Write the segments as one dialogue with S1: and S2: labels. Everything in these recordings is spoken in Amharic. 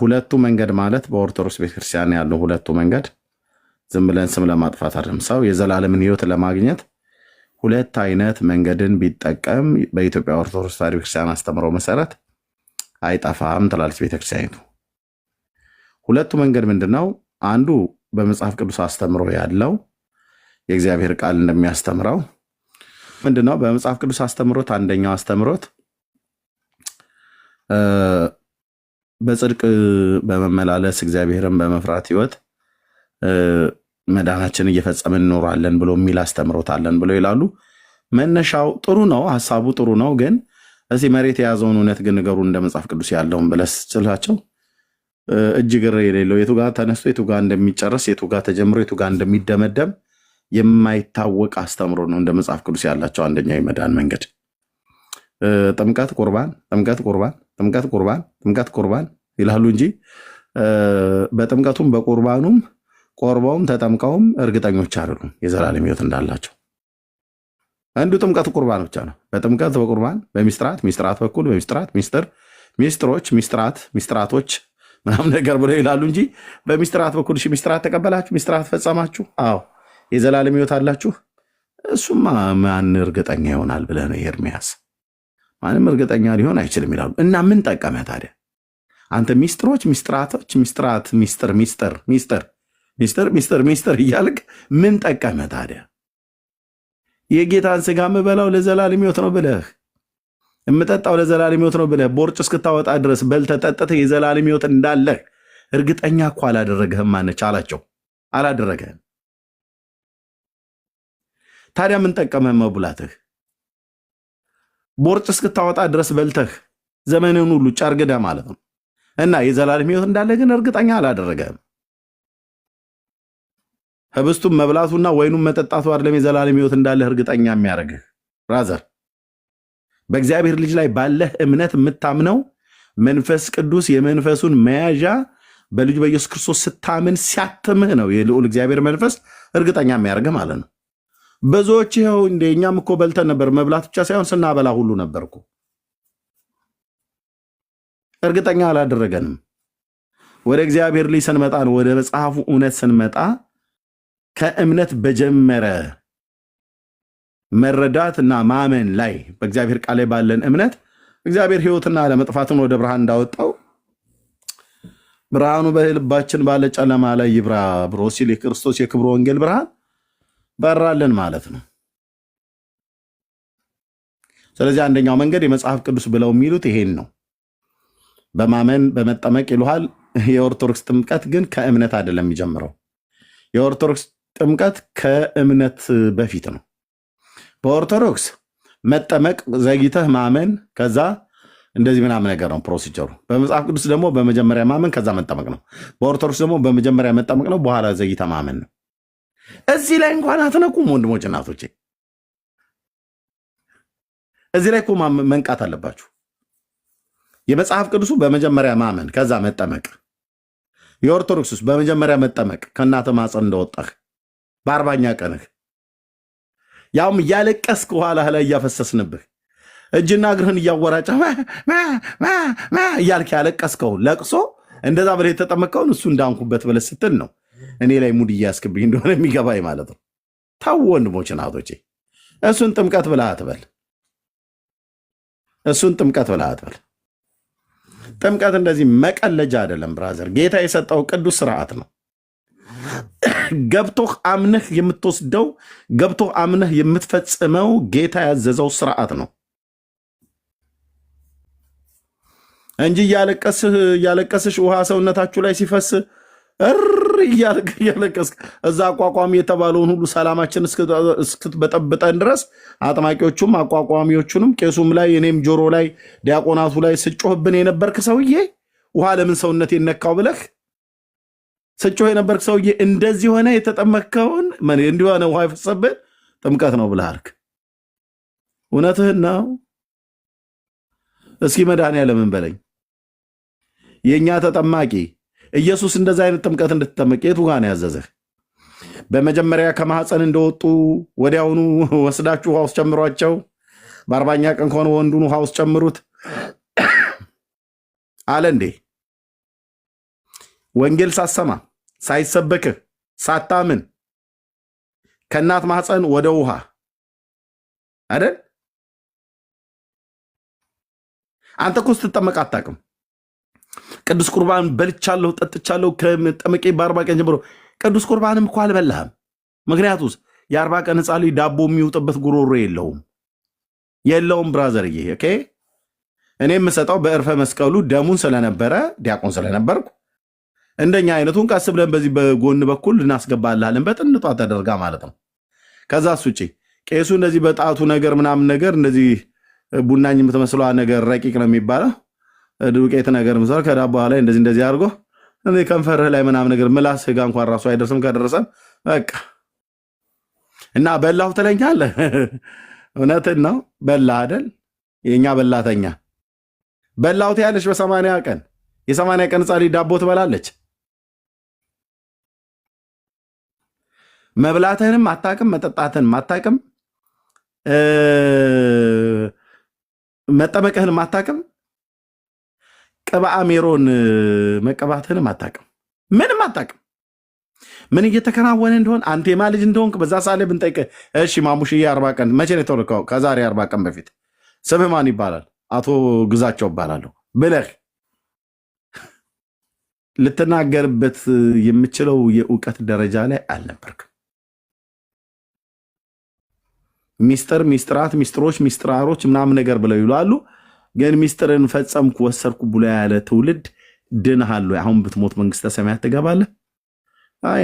S1: ሁለቱ መንገድ ማለት በኦርቶዶክስ ቤተክርስቲያን ያለው ሁለቱ መንገድ ዝም ብለን ስም ለማጥፋት አይደለም። ሰው የዘላለምን ህይወት ለማግኘት ሁለት አይነት መንገድን ቢጠቀም በኢትዮጵያ ኦርቶዶክስ ተዋሕዶ ቤተክርስቲያን አስተምሮ መሰረት አይጠፋም ትላለች ቤተክርስቲያኒቱ። ሁለቱ መንገድ ምንድን ነው? አንዱ በመጽሐፍ ቅዱስ አስተምሮ ያለው የእግዚአብሔር ቃል እንደሚያስተምረው ምንድን ነው? በመጽሐፍ ቅዱስ አስተምሮት አንደኛው አስተምሮት በጽድቅ በመመላለስ እግዚአብሔርን በመፍራት ህይወት መዳናችን እየፈጸምን እንኖራለን ብሎ የሚል አስተምሮታለን ብሎ ይላሉ። መነሻው ጥሩ ነው፣ ሀሳቡ ጥሩ ነው። ግን እዚህ መሬት የያዘውን እውነት ግን ንገሩ እንደ መጽሐፍ ቅዱስ ያለውን ብለስ ስትላቸው እጅ ግር የሌለው የቱ ጋር ተነስቶ የቱ ጋር እንደሚጨረስ የቱ ጋር ተጀምሮ የቱ ጋር እንደሚደመደም የማይታወቅ አስተምሮ ነው እንደ መጽሐፍ ቅዱስ ያላቸው አንደኛው የመዳን መንገድ ጥምቀት ቁርባን ጥምቀት ቁርባን ጥምቀት ቁርባን ጥምቀት ቁርባን ይላሉ እንጂ በጥምቀቱም በቁርባኑም ቆርበውም ተጠምቀውም እርግጠኞች አይደሉም የዘላለም ህይወት እንዳላቸው። አንዱ ጥምቀት ቁርባን ብቻ ነው። በጥምቀት በቁርባን በሚስጥራት ሚስጥራት በኩል በሚስጥራት ሚስጥር ሚስጥሮች ሚስጥራት ሚስጥራቶች ምናምን ነገር ብለው ይላሉ እንጂ በሚስጥራት በኩል እሺ፣ ሚስጥራት ተቀበላችሁ፣ ሚስጥራት ፈጸማችሁ፣ አዎ የዘላለም ህይወት አላችሁ። እሱማ ማን እርግጠኛ ይሆናል ብለህ ነው ኤርሚያስ፣ ማንም እርግጠኛ ሊሆን አይችልም ይላሉ። እና ምን ጠቀመ ታዲያ? አንተ ሚስጥሮች፣ ሚስጥራቶች፣ ሚስጥራት፣ ሚስጥር፣ ሚስጥር፣ ሚስጥር፣ ሚስጥር፣ ሚስጥር፣ ሚስጥር እያልክ ምን ጠቀመ ታዲያ? የጌታን ስጋ የምበላው ለዘላለም ሕይወት ነው ብለህ የምጠጣው ለዘላለም ሕይወት ነው ብለህ ቦርጭ እስክታወጣ ድረስ በልተህ ጠጥተህ የዘላለም ሕይወት እንዳለህ እርግጠኛ እኮ አላደረገህም። ማነች አላቸው። አላደረገህም። ታዲያ ምን ጠቀመ መቡላትህ? ቦርጭ እስክታወጣ ድረስ በልተህ ዘመንህን ሁሉ ጨርግደህ ማለት ነው። እና የዘላለም ህይወት እንዳለ ግን እርግጠኛ አላደረገም። ህብስቱም መብላቱና ወይኑም መጠጣቱ አይደለም የዘላለም ህይወት እንዳለ እርግጠኛ የሚያደርግህ ራዘር በእግዚአብሔር ልጅ ላይ ባለህ እምነት የምታምነው መንፈስ ቅዱስ የመንፈሱን መያዣ በልጁ በኢየሱስ ክርስቶስ ስታምን ሲያትምህ ነው የልዑል እግዚአብሔር መንፈስ እርግጠኛ የሚያደርግህ ማለት ነው። ብዙዎች ይኸው እንደ እኛም እኮ በልተን ነበር፣ መብላት ብቻ ሳይሆን ስናበላ ሁሉ ነበር እርግጠኛ አላደረገንም። ወደ እግዚአብሔር ልጅ ስንመጣ ነው፣ ወደ መጽሐፉ እውነት ስንመጣ ከእምነት በጀመረ መረዳትና ማመን ላይ በእግዚአብሔር ቃል ላይ ባለን እምነት እግዚአብሔር ሕይወትና ለመጥፋትን ወደ ብርሃን እንዳወጣው ብርሃኑ በልባችን ባለ ጨለማ ላይ ይብራ ብሎ ሲል የክርስቶስ የክብር ወንጌል ብርሃን በራለን ማለት ነው። ስለዚህ አንደኛው መንገድ የመጽሐፍ ቅዱስ ብለው የሚሉት ይሄን ነው። በማመን በመጠመቅ ይሉሃል። የኦርቶዶክስ ጥምቀት ግን ከእምነት አይደለም የሚጀምረው። የኦርቶዶክስ ጥምቀት ከእምነት በፊት ነው። በኦርቶዶክስ መጠመቅ ዘግይተህ ማመን ከዛ እንደዚህ ምናምን ነገር ነው ፕሮሲጀሩ። በመጽሐፍ ቅዱስ ደግሞ በመጀመሪያ ማመን ከዛ መጠመቅ ነው። በኦርቶዶክስ ደግሞ በመጀመሪያ መጠመቅ ነው፣ በኋላ ዘግይተህ ማመን ነው። እዚህ ላይ እንኳን አትነቁም ወንድሞች እናቶቼ፣ እዚህ ላይ እኮ መንቃት አለባችሁ። የመጽሐፍ ቅዱሱ በመጀመሪያ ማመን ከዛ መጠመቅ። የኦርቶዶክስስ በመጀመሪያ መጠመቅ ከእናተ ማፀን እንደወጣህ በአርባኛ ቀንህ ያውም እያለቀስክ ኋላህ ላይ እያፈሰስንብህ እጅና እግርህን እያወራጨ እያልክ ያለቀስከውን ለቅሶ እንደዛ ብለህ የተጠመቀውን እሱ እንዳንኩበት ብለህ ስትል ነው እኔ ላይ ሙድ እያስክብኝ እንደሆነ የሚገባኝ ማለት ነው። ታው ወንድሞች እህቶቼ፣ እሱን ጥምቀት ብለህ አትበል። እሱን ጥምቀት ብለህ አትበል። ጥምቀት እንደዚህ መቀለጃ አይደለም ብራዘር። ጌታ የሰጠው ቅዱስ ስርዓት ነው። ገብቶህ አምነህ የምትወስደው ገብቶህ አምነህ የምትፈጽመው ጌታ ያዘዘው ስርዓት ነው እንጂ እያለቀስህ እያለቀስሽ ውሃ ሰውነታችሁ ላይ ሲፈስ እር እያለቀስክ እዛ አቋቋሚ የተባለውን ሁሉ ሰላማችን እስክትበጠብጠን ድረስ አጥማቂዎቹም አቋቋሚዎቹንም ቄሱም ላይ እኔም ጆሮ ላይ ዲያቆናቱ ላይ ስጮህብን የነበርክ ሰውዬ ውሃ ለምን ሰውነት የነካው ብለህ ስጮህ የነበርክ ሰውዬ እንደዚህ ሆነ የተጠመቅከውን እንዲህ ውሃ የፈሰብን ጥምቀት ነው ብለህ አልክ። እውነትህን ነው። እስኪ መድኃኔዓለምን በለኝ የእኛ ተጠማቂ ኢየሱስ እንደዛ አይነት ጥምቀት እንድትጠመቅ የቱ ጋ ነው ያዘዘህ? በመጀመሪያ ከማህፀን እንደወጡ ወዲያውኑ ወስዳችሁ ውሃ ውስጥ ጨምሯቸው። በአርባኛ ቀን ከሆነ ወንዱን ውሃ ውስጥ ጨምሩት አለ እንዴ? ወንጌል ሳሰማ ሳይሰበክህ ሳታምን ከእናት ማህፀን ወደ ውሃ አይደል? አንተ እኮ ስትጠመቅ አታውቅም። ቅዱስ ቁርባን በልቻለሁ፣ ጠጥቻለሁ ከጠመቄ በአርባ ቀን ጀምሮ። ቅዱስ ቁርባንም እኮ አልበላህም። ምክንያቱስ የአርባ ቀን ህፃ ልጅ ዳቦ የሚውጥበት ጉሮሮ የለውም የለውም። ብራዘርዬ ኦኬ። እኔ የምሰጠው በእርፈ መስቀሉ ደሙን ስለነበረ ዲያቆን ስለነበርኩ እንደኛ አይነቱን ቀስ ብለን በዚህ በጎን በኩል እናስገባልሃለን በጥንጧ ተደርጋ ማለት ነው። ከዛ ውጪ ቄሱ እንደዚህ በጣቱ ነገር ምናምን ነገር እንደዚህ ቡናኝ የምትመስለዋ ነገር ረቂቅ ነው የሚባለው ዱቄት ነገር ምሰር ከዳቦ ላይ እንደዚህ እንደዚህ አድርጎ ከንፈርህ ላይ ምናምን ነገር ምላስ ጋ እንኳን ራሱ አይደርስም። ከደረሰን በቃ እና በላሁ ትለኛለህ። እውነትን ነው በላ አደል የእኛ በላተኛ በላሁት ያለች በሰማንያ ቀን የሰማንያ ቀን ጻሪ ዳቦ ትበላለች። መብላትህንም አታቅም፣ መጠጣትህንም አታቅም፣ መጠመቅህንም አታቅም። ቅብአ ሜሮን መቀባትንም አታቅም፣ ምንም አታቅም። ምን እየተከናወነ እንደሆን ማ ልጅ እንደሆንክ በዛ ሰዓት ላይ ብንጠይቅ፣ እሺ ማሙሽዬ አርባ ቀን መቼ ነው የተወለድከው? ከዛሬ አርባ ቀን በፊት። ስምህ ማን ይባላል? አቶ ግዛቸው እባላለሁ ብለህ ልትናገርበት የምችለው የእውቀት ደረጃ ላይ አልነበርክም። ሚስጥር፣ ሚስጥራት፣ ሚስጥሮች፣ ሚስጥራሮች ምናምን ነገር ብለው ይውላሉ። ግን ሚስጥርን ፈጸምኩ ወሰርኩ ብሎ ያለ ትውልድ ድንሃል አሁን ብትሞት መንግስተ ሰማያት ትገባለህ?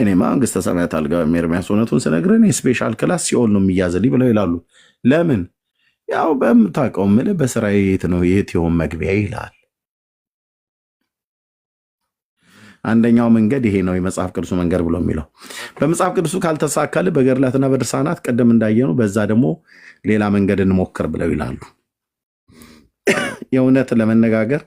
S1: እኔ መንግስተ ሰማያት አልገባም፣ ኤርሚያስ እውነቱን ስነግርህ እኔ ስፔሻል ክላስ ሲኦል ነው የሚያዝልኝ ብለው ይላሉ። ለምን ያው በምታውቀው ምልህ በስራ የት ነው የት ይሆን መግቢያ ይላል። አንደኛው መንገድ ይሄ ነው የመጽሐፍ ቅዱሱ መንገድ ብሎ የሚለው በመጽሐፍ ቅዱሱ ካልተሳካልህ በገድላትና በድርሳናት ቀደም እንዳየነው በዛ ደግሞ ሌላ መንገድ እንሞክር ብለው ይላሉ። የእውነት ለመነጋገር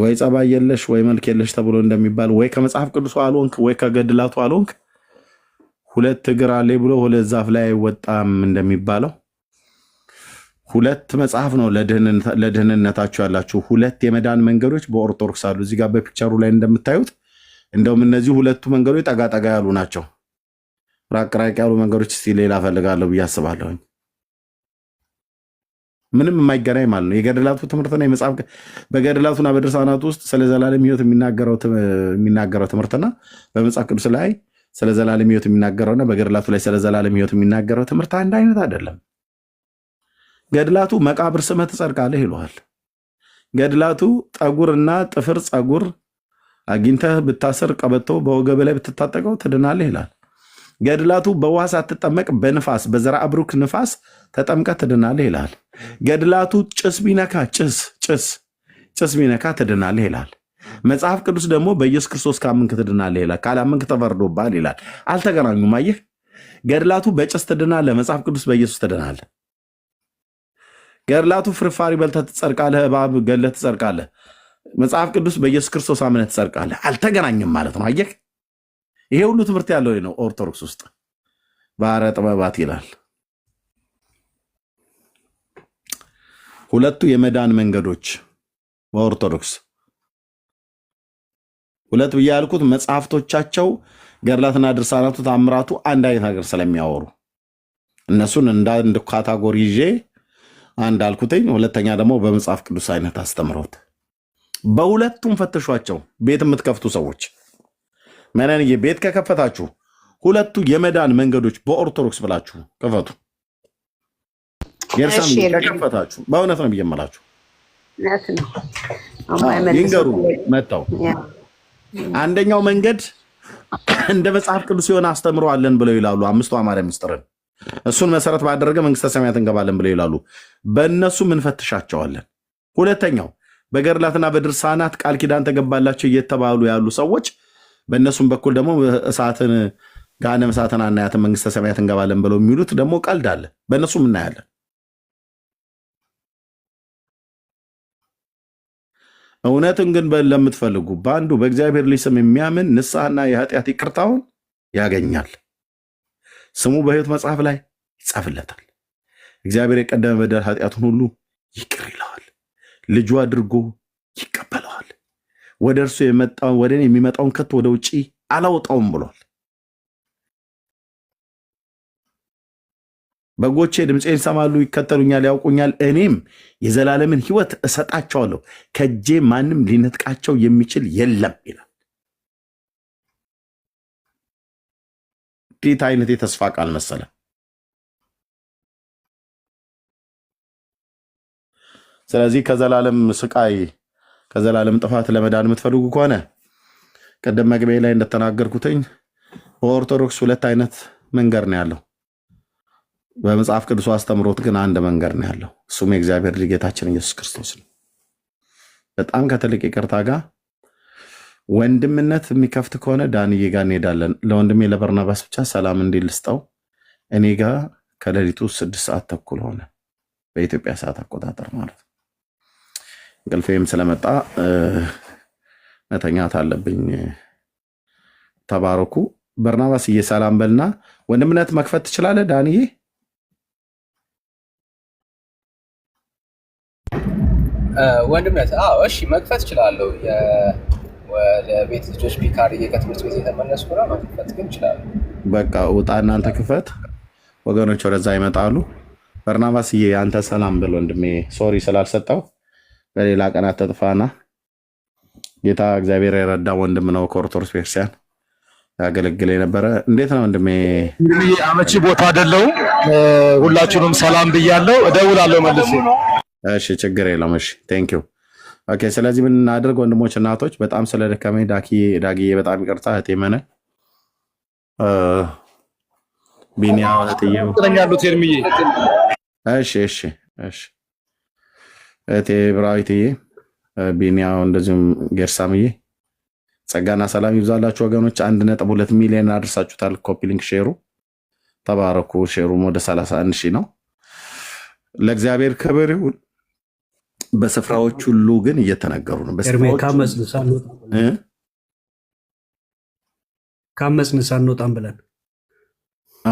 S1: ወይ ጸባይ የለሽ ወይ መልክ የለሽ ተብሎ እንደሚባል ወይ ከመጽሐፍ ቅዱሱ አልሆንክ ወይ ከገድላቱ አልሆንክ ሁለት እግር አለ ብሎ ሁለት ዛፍ ላይ አይወጣም እንደሚባለው ሁለት መጽሐፍ ነው ለደህንነታቸው ያላችሁ ሁለት የመዳን መንገዶች በኦርቶዶክስ አሉ። እዚህ ጋር በፒክቸሩ ላይ እንደምታዩት እንደውም እነዚህ ሁለቱ መንገዶች ጠጋጠጋ ያሉ ናቸው። ራቅ ራቅ ያሉ መንገዶች እስቲ ሌላ ፈልጋለሁ ብዬ አስባለሁኝ። ምንም የማይገናኝ ማለት ነው የገድላቱ ትምህርትና የመጽሐፍ በገድላቱና በድርሳናቱ ውስጥ ስለ ዘላለም ሕይወት የሚናገረው ትምህርትና በመጽሐፍ ቅዱስ ላይ ስለ ዘላለም ሕይወት የሚናገረውና በገድላቱ ላይ ስለ ዘላለም ሕይወት የሚናገረው ትምህርት አንድ አይነት አይደለም። ገድላቱ መቃብር ስመ ትጸድቃለህ ይለዋል። ገድላቱ ጠጉርና ጥፍር ጸጉር አግኝተህ ብታስር ቀበቶ በወገብ ላይ ብትታጠቀው ትድናለህ ይላል። ገድላቱ በውሃ ሳትጠመቅ በንፋስ በዘራ አብሩክ ንፋስ ተጠምቀ ትድናለህ ይላል። ገድላቱ ጭስ ቢነካ ጭስ ጭስ ጭስ ቢነካ ትድናለህ ይላል። መጽሐፍ ቅዱስ ደግሞ በኢየሱስ ክርስቶስ ካመንክ ትድናለህ ይላል። ካላመንክ ተፈርዶብሃል ይላል። አልተገናኙም። አየህ፣ ገድላቱ በጭስ ትድናለህ፣ መጽሐፍ ቅዱስ በኢየሱስ ትድናለህ። ገድላቱ ፍርፋሪ በልተህ ትጸድቃለህ፣ እባብ ገድለህ ትጸድቃለህ፣ መጽሐፍ ቅዱስ በኢየሱስ ክርስቶስ አምነህ ትጸድቃለህ። አልተገናኝም ማለት ነው። አየህ ይሄ ሁሉ ትምህርት ያለው ነው ኦርቶዶክስ ውስጥ ባህረ ጥበባት ይላል። ሁለቱ የመዳን መንገዶች በኦርቶዶክስ ሁለት ብዬ ያልኩት መጽሐፍቶቻቸው ገድላትና ድርሳናቱ ታምራቱ አንድ አይነት ነገር ስለሚያወሩ እነሱን እንዳንድ ካታጎሪ ይዤ አንድ አልኩትኝ። ሁለተኛ ደግሞ በመጽሐፍ ቅዱስ አይነት አስተምሮት በሁለቱም ፈትሿቸው ቤት የምትከፍቱ ሰዎች መናንዬ ቤት ከከፈታችሁ ሁለቱ የመዳን መንገዶች በኦርቶዶክስ ብላችሁ ክፈቱ። የእርሳም ከከፈታችሁ በእውነት ነው ብዬ ይንገሩ መጣው አንደኛው መንገድ እንደ መጽሐፍ ቅዱስ የሆነ አስተምሮ አለን ብለው ይላሉ። አምስቱ አማርያ ምስጢርን እሱን መሰረት ባደረገ መንግስተ ሰማያት እንገባለን ብለው ይላሉ። በእነሱ እንፈትሻቸዋለን። ሁለተኛው በገድላትና በድርሳናት ቃል ኪዳን ተገባላቸው እየተባሉ ያሉ ሰዎች በእነሱም በኩል ደግሞ እሳትን ገሃነመ እሳትን አናያትን መንግስተ ሰማያት እንገባለን ብለው የሚሉት ደግሞ ቀልድ አለ። በእነሱም እናያለን። እውነትን ግን ለምትፈልጉ በአንዱ በእግዚአብሔር ልጅ ስም የሚያምን ንስሐና የኃጢአት ይቅርታውን ያገኛል። ስሙ በሕይወት መጽሐፍ ላይ ይጻፍለታል። እግዚአብሔር የቀደመ በደል ኃጢአቱን ሁሉ ይቅር ይለዋል። ልጁ አድርጎ ወደ እርሱ የመጣው ወደ እኔ የሚመጣውን ከቶ ወደ ውጪ አላውጣውም ብሏል። በጎቼ ድምፄን ይሰማሉ፣ ይከተሉኛል፣ ያውቁኛል። እኔም የዘላለምን ሕይወት እሰጣቸዋለሁ፣ ከእጄ ማንም ሊነጥቃቸው የሚችል የለም ይላል። እንዴት አይነት የተስፋ ቃል መሰለ! ስለዚህ ከዘላለም ስቃይ ከዘላለም ጥፋት ለመዳን የምትፈልጉ ከሆነ ቅድም መግቢያ ላይ እንደተናገርኩትኝ በኦርቶዶክስ ሁለት አይነት መንገድ ነው ያለው። በመጽሐፍ ቅዱስ አስተምሮት ግን አንድ መንገድ ነው ያለው። እሱም የእግዚአብሔር ልጅ ጌታችን ኢየሱስ ክርስቶስ ነው። በጣም ከትልቅ ይቅርታ ጋር ወንድምነት የሚከፍት ከሆነ ዳንዬ ጋር እንሄዳለን። ለወንድሜ ለበርናባስ ብቻ ሰላም እንዲል እኔ ጋር ከሌሊቱ ስድስት ሰዓት ተኩል ሆነ በኢትዮጵያ ሰዓት አቆጣጠር ማለት ነው። እንቅልፌም ስለመጣ መተኛት አለብኝ። ተባረኩ። በርናባስ ሰላም በልና ወንድምነት መክፈት ትችላለህ ዳንዬ?
S2: ወንድምነት እሺ፣ መክፈት እችላለሁ። ለቤት ልጆች ፒካር ከትምህርት ቤት የተመለሱ መክፈት ግን እችላለሁ።
S1: በቃ ውጣ፣ እናንተ ክፈት። ወገኖች ወደዛ ይመጣሉ። በርናባስዬ፣ አንተ ሰላም ብል ወንድሜ። ሶሪ ስላልሰጠው በሌላ ቀናት ተጥፋና ጌታ እግዚአብሔር የረዳ ወንድም ነው። ከኦርቶዶክስ ቤተክርስቲያን ያገለግል የነበረ እንዴት ነው ወንድሜ?
S3: አመቺ ቦታ አደለው። ሁላችሁንም ሰላም ብያለሁ። እደውላለሁ መልስ።
S1: እሺ፣ ችግር የለም። እሺ፣ ቴንክ ኦኬ። ስለዚህ ምን እናድርግ ወንድሞች፣ እናቶች፣ በጣም ስለደከመኝ ዳጊዬ በጣም ይቅርታ። እህቴ መነ ቢኒያ እህትዬ ያሉት ርምዬ። እሺ፣ እሺ፣ እሺ እህቴ ብራዊትዬ፣ ቢኒያ እንደዚሁም ጌርሳምዬ ጸጋና ሰላም ይብዛላችሁ ወገኖች። አንድ ነጥብ ሁለት ሚሊዮን አድርሳችሁታል። ኮፒሊንክ ሼሩ ተባረኩ። ሼሩም ወደ ሰላሳ ሺህ ነው። ለእግዚአብሔር ክብር ይሁን። በስፍራዎች ሁሉ ግን እየተነገሩ
S3: ነው። ካመፅን ሳንወጣም ብለን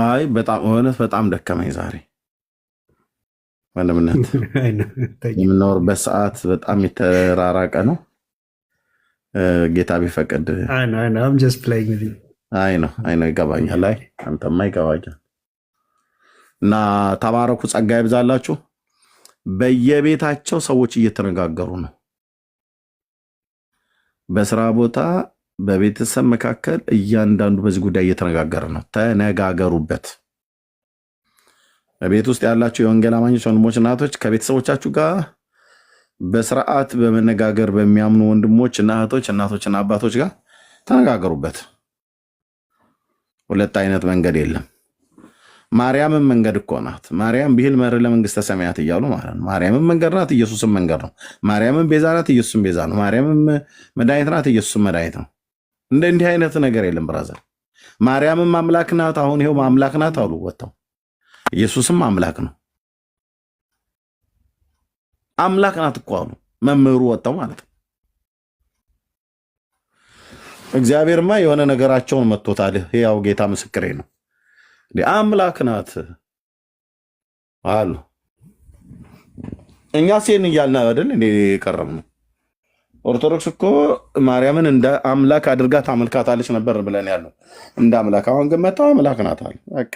S1: አይ በጣም እውነት በጣም ደከመኝ ዛሬ ወንድምነት የምኖርበት ሰዓት በጣም የተራራቀ ነው። ጌታ ቢፈቅድ አይ ነው አይ ነው ይገባኛል። ላይ አንተማ ይገባኛል። እና ተባረኩ፣ ጸጋ ይብዛላችሁ። በየቤታቸው ሰዎች እየተነጋገሩ ነው። በስራ ቦታ፣ በቤተሰብ መካከል እያንዳንዱ በዚህ ጉዳይ እየተነጋገረ ነው። ተነጋገሩበት። በቤት ውስጥ ያላቸው የወንጌል አማኞች ወንድሞች እናቶች ከቤተሰቦቻችሁ ጋር በስርዓት በመነጋገር በሚያምኑ ወንድሞች እና እህቶች እናቶችና አባቶች ጋር ተነጋገሩበት። ሁለት አይነት መንገድ የለም። ማርያምም መንገድ እኮ ናት። ማርያም ብሂል መር ለመንግስተ ሰማያት እያሉ ማለት ነው። ማርያምም መንገድ ናት፣ ኢየሱስም መንገድ ነው። ማርያምም ቤዛ ናት፣ ኢየሱስም ቤዛ ነው። ማርያምም መድኃኒት ናት፣ ኢየሱስም መድኃኒት ነው። እንደ እንዲህ አይነት ነገር የለም ብራዘር። ማርያምም አምላክ ናት፣ አሁን ይኸው አምላክ ናት አሉ ወጥተው ኢየሱስም አምላክ ነው። አምላክ ናት እኮ አሉ መምህሩ ወጣው ማለት ነው። እግዚአብሔርማ የሆነ ነገራቸውን መጥቶታል። ያው ጌታ ምስክሬ ነው። አምላክ ናት አሉ። እኛ ሴን እያልን አይደል እንዴ የቀረብ ነው። ኦርቶዶክስ እኮ ማርያምን እንደ አምላክ አድርጋ ታመልካታለች ነበር ብለን ያለው እንደ አምላክ። አሁን ግን መጣው አምላክ ናት አለ።